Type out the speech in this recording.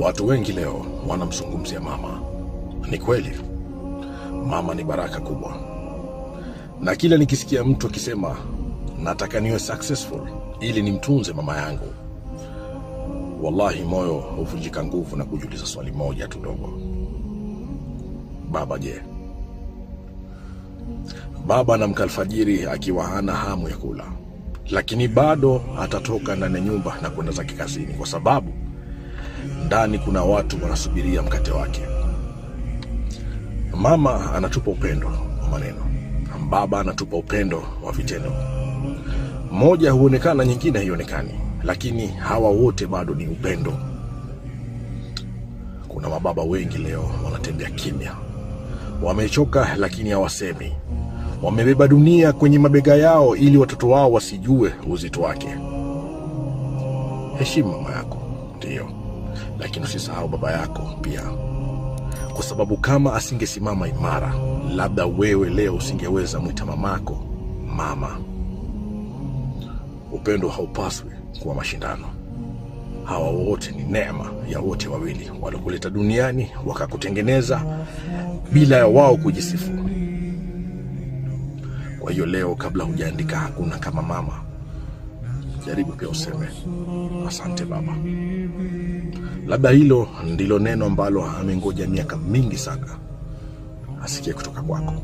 Watu wengi leo wanamzungumzia mama. Ni kweli, mama ni baraka kubwa, na kila nikisikia mtu akisema nataka niwe successful ili nimtunze mama yangu, wallahi moyo huvunjika nguvu na kujiuliza swali moja tu dogo, baba je? Baba anamka alfajiri akiwa hana hamu ya kula, lakini bado atatoka ndani ya nyumba na kwenda zake kazini, kwa sababu ndani kuna watu wanasubiria mkate wake. Mama anatupa upendo wa maneno, baba anatupa upendo wa vitendo. Moja huonekana, nyingine haionekani, lakini hawa wote bado ni upendo. Kuna mababa wengi leo wanatembea kimya, wamechoka lakini hawasemi. Wamebeba dunia kwenye mabega yao ili watoto wao wasijue uzito wake. Heshimu mama yako, ndiyo lakini usisahau baba yako pia, kwa sababu kama asingesimama imara, labda wewe leo usingeweza mwita mamako mama. Upendo haupaswi kuwa mashindano. Hawa wote ni neema ya wote wawili waliokuleta duniani wakakutengeneza bila ya wao kujisifu. Kwa hiyo leo, kabla hujaandika hakuna kama mama jaribu pia useme asante Baba. Labda hilo ndilo neno ambalo amengoja miaka mingi sana asikie kutoka kwako.